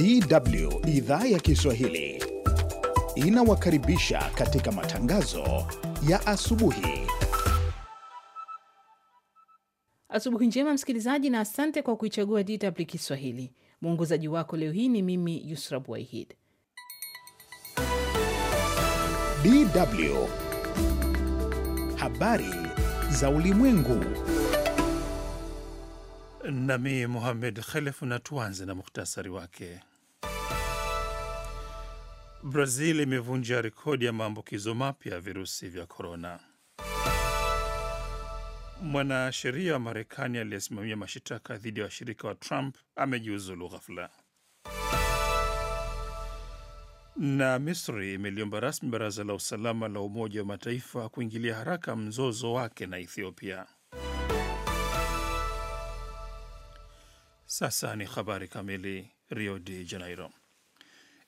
DW idhaa ya Kiswahili inawakaribisha katika matangazo ya asubuhi. Asubuhi njema msikilizaji, na asante kwa kuichagua DW Kiswahili. Mwongozaji wako leo hii ni mimi Yusra Bwaihid. DW habari za ulimwengu nami Muhamed Khelef, na tuanze na muhtasari wake. Brazil imevunja rekodi ya maambukizo mapya ya virusi vya korona. Mwanasheria wa Marekani aliyesimamia mashitaka dhidi ya washirika wa Trump amejiuzulu ghafla. Na Misri imeliomba rasmi baraza la usalama la Umoja wa Mataifa kuingilia haraka mzozo wake na Ethiopia. Sasa ni habari kamili. Rio de Janeiro.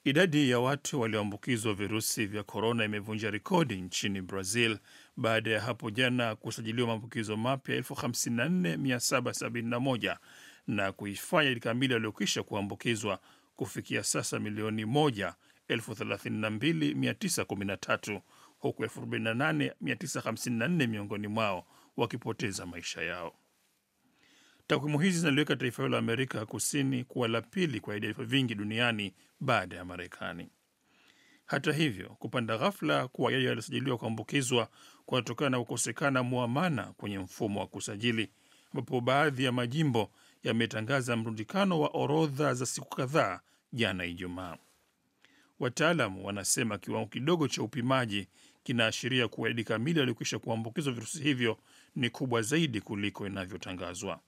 Idadi ya watu walioambukizwa virusi vya korona imevunja rekodi nchini Brazil baada ya hapo jana kusajiliwa maambukizo mapya 54771 na kuifanya idadi kamili waliokwisha kuambukizwa kufikia sasa milioni 132913 huku 48,954 miongoni mwao wakipoteza maisha yao. Takwimu hizi zinaliweka taifa hilo la Amerika Kusini kuwa la pili kwa idadi vingi duniani baada ya Marekani. Hata hivyo, kupanda ghafla kwa yeye yaliosajiliwa kuambukizwa kunatokana na kukosekana muamana kwenye mfumo wa kusajili, ambapo baadhi ya majimbo yametangaza mrundikano wa orodha za siku kadhaa jana Ijumaa. Wataalamu wanasema kiwango kidogo cha upimaji kinaashiria kuwa idadi kamili waliokwisha kuambukizwa virusi hivyo ni kubwa zaidi kuliko inavyotangazwa.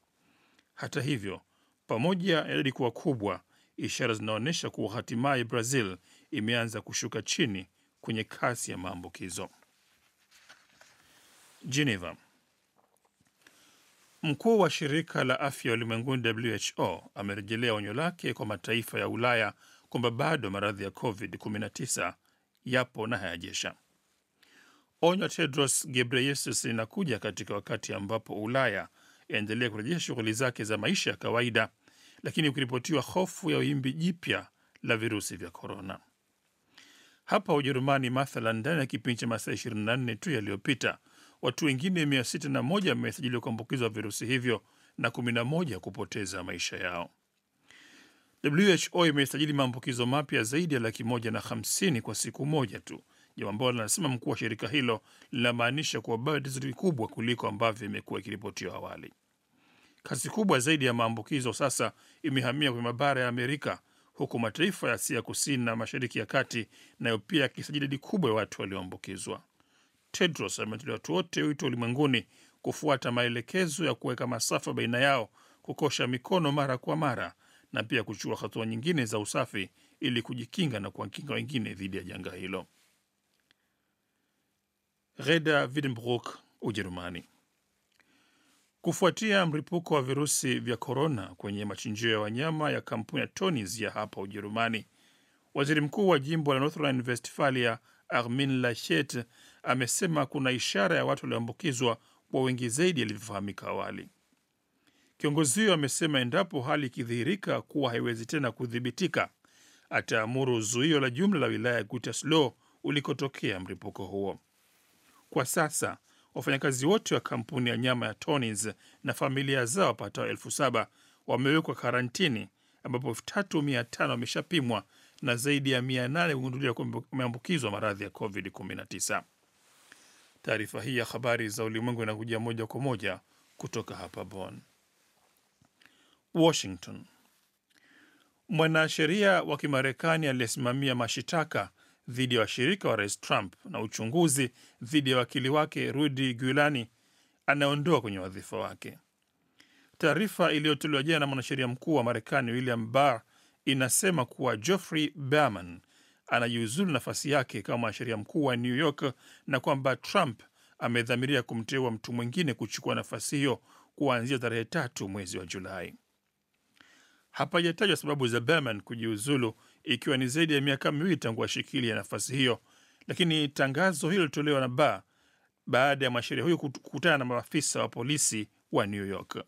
Hata hivyo, pamoja ya idadi kuwa kubwa, ishara zinaonyesha kuwa hatimaye Brazil imeanza kushuka chini kwenye kasi ya maambukizo. Geneva. Mkuu wa shirika la afya ulimwenguni WHO amerejelea onyo lake kwa mataifa ya Ulaya kwamba bado maradhi ya COVID-19 yapo na hayajesha. Onyo Tedros Gebreyesus linakuja katika wakati ambapo Ulaya yaendelee kurejesha shughuli zake za maisha ya kawaida, lakini ukiripotiwa hofu ya wimbi jipya la virusi vya korona. Hapa Ujerumani mathalan, ndani ya kipindi cha masaa 24 tu yaliyopita watu wengine 601 wamesajiliwa kuambukizwa virusi hivyo na 11 kupoteza maisha yao. WHO imesajili maambukizo mapya zaidi ya laki moja na hamsini kwa siku moja tu jambo ambalo linasema mkuu wa shirika hilo linamaanisha kuwa bado tatizo kubwa kuliko ambavyo imekuwa ikiripotiwa awali. Kasi kubwa zaidi ya maambukizo sasa imehamia kwenye mabara ya Amerika, huku mataifa ya Asia Kusini na Mashariki ya Kati nayo pia yakisajili idadi kubwa ya watu walioambukizwa. Tedros ametolia watu wote wito ulimwenguni kufuata maelekezo ya kuweka masafa baina yao, kukosha mikono mara kwa mara na pia kuchukua hatua nyingine za usafi ili kujikinga na kuwakinga wengine dhidi ya janga hilo. Reda Wiedenbrock, Ujerumani. Kufuatia mlipuko wa virusi vya korona kwenye machinjio ya wanyama ya kampuni ya Tonis ya hapa Ujerumani, waziri mkuu wa jimbo la North Rhine-Westphalia Armin Laschet amesema kuna ishara ya watu walioambukizwa kwa wengi zaidi yalivyofahamika awali. Kiongozi huyo amesema endapo hali ikidhihirika kuwa haiwezi tena kudhibitika, ataamuru zuio la jumla la wilaya ya Gutersloh ulikotokea mlipuko huo. Kwa sasa wafanyakazi wote wa kampuni ya nyama ya Tony's na familia zao wapatao elfu saba wamewekwa karantini, ambapo elfu tatu mia tano wameshapimwa na zaidi ya mia nane kugunduliwa wameambukizwa maradhi ya COVID 19. Taarifa hii ya habari za ulimwengu inakuja moja kwa moja kutoka hapa Bonn, Washington. Mwanasheria wa Kimarekani aliyesimamia mashitaka dhidi ya washirika wa rais Trump na uchunguzi dhidi ya wakili wake Rudy Giuliani anaondoa kwenye wadhifa wake. Taarifa iliyotolewa jana na mwanasheria mkuu wa Marekani William Barr inasema kuwa Geoffrey Berman anajiuzulu nafasi yake kama mwanasheria mkuu wa New York na kwamba Trump amedhamiria kumteua mtu mwingine kuchukua nafasi hiyo kuanzia tarehe tatu mwezi wa Julai. Hapajatajwa sababu za Berman kujiuzulu, ikiwa ni zaidi ya miaka miwili tangu ashikilia nafasi hiyo, lakini tangazo hilo lilitolewa na ba baada ya mwanasheria huyo kukutana na maafisa wa polisi wa New York.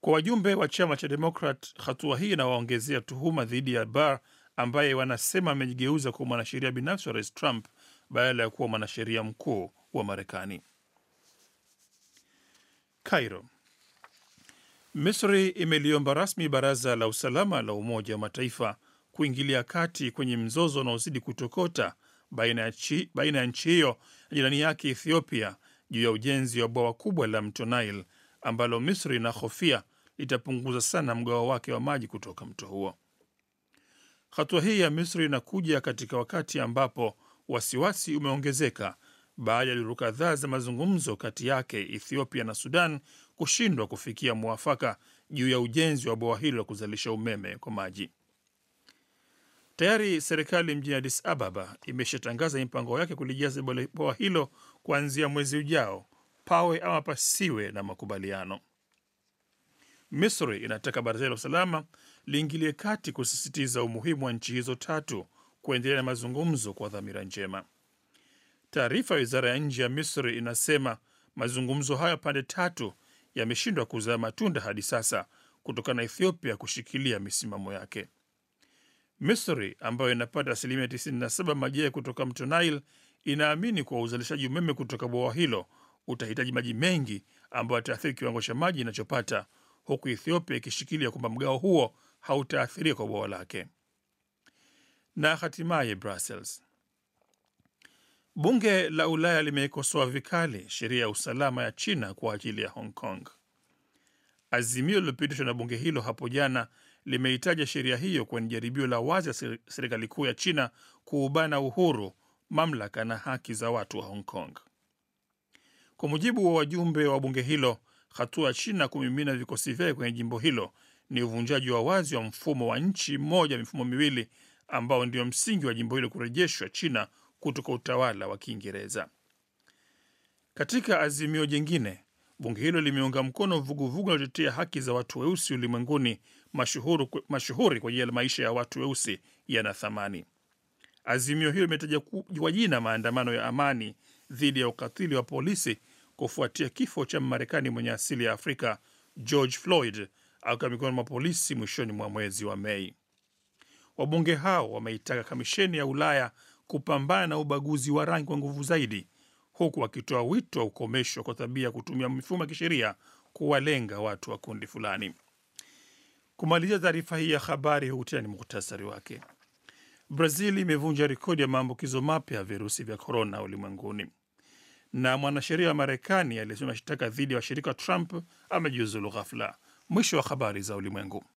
Kwa wajumbe wa chama cha Demokrat, hatua hii inawaongezea tuhuma dhidi ya Barr ambaye wanasema amejigeuza kuwa mwanasheria binafsi wa rais Trump badala ya kuwa mwanasheria mkuu wa Marekani. Cairo. Misri imeliomba rasmi baraza la usalama la Umoja wa Mataifa kuingilia kati kwenye mzozo unaozidi kutokota baina ya nchi hiyo na jirani yake Ethiopia juu ya ujenzi wa bwawa kubwa la mto Nile ambalo Misri inahofia litapunguza sana mgao wake wa maji kutoka mto huo. Hatua hii ya Misri inakuja katika wakati ambapo wasiwasi umeongezeka baada ya duru kadhaa za mazungumzo kati yake Ethiopia na Sudan kushindwa kufikia mwafaka juu ya ujenzi wa bwawa hilo la kuzalisha umeme kwa maji. Tayari serikali mjini Addis Ababa imeshatangaza mipango yake kulijaza bwawa hilo kuanzia mwezi ujao, pawe ama pasiwe na makubaliano. Misri inataka baraza la usalama liingilie kati kusisitiza umuhimu wa nchi hizo tatu kuendelea na mazungumzo kwa dhamira njema. Taarifa ya wizara ya nje ya Misri inasema mazungumzo hayo pande tatu yameshindwa kuzaa matunda hadi sasa kutokana na Ethiopia kushikilia misimamo yake. Misri ambayo inapata asilimia 97 maji kutoka mto Nile inaamini kuwa uzalishaji umeme kutoka bwawa hilo utahitaji maji mengi ambayo ataathiri kiwango cha maji inachopata, huku Ethiopia ikishikilia kwamba mgao huo hautaathiria kwa bwawa lake. Na hatimaye Brussels, Bunge la Ulaya limeikosoa vikali sheria ya usalama ya China kwa ajili ya Hong Kong. Azimio lililopitishwa na bunge hilo hapo jana limeitaja sheria hiyo kwenye jaribio la wazi ya serikali kuu ya China kuubana uhuru, mamlaka na haki za watu wa Hong Kong. Kwa mujibu wa wajumbe wa bunge hilo, hatua ya China kumimina vikosi vyake kwenye jimbo hilo ni uvunjaji wa wazi wa mfumo wa nchi moja mifumo miwili ambao ndio msingi wa jimbo hilo kurejeshwa China kutoka utawala wa Kiingereza. Katika azimio jingine, bunge hilo limeunga mkono vuguvugu linalotetea haki za watu weusi ulimwenguni, mashuhuri kwa ajili ya maisha ya watu weusi yana thamani. Azimio hilo limetaja kwa jina maandamano ya amani dhidi ya ukatili wa polisi kufuatia kifo cha Mmarekani mwenye asili ya Afrika George Floyd akiwa mikononi mwa polisi mwishoni mwa mwezi wa Mei. Wabunge hao wameitaka kamisheni ya Ulaya kupambana na ubaguzi wa rangi kwa nguvu zaidi, huku akitoa wito wa ukomesho kwa tabia ya kutumia mifumo ya kisheria kuwalenga watu wa kundi fulani. Kumalizia taarifa hii ya habari, huu tena ni muhtasari wake. Brazil imevunja rekodi ya maambukizo mapya ya virusi vya korona ulimwenguni, na mwanasheria wa Marekani aliyesoma mashtaka dhidi ya washirika wa Trump amejiuzulu ghafla. Mwisho wa habari za ulimwengu.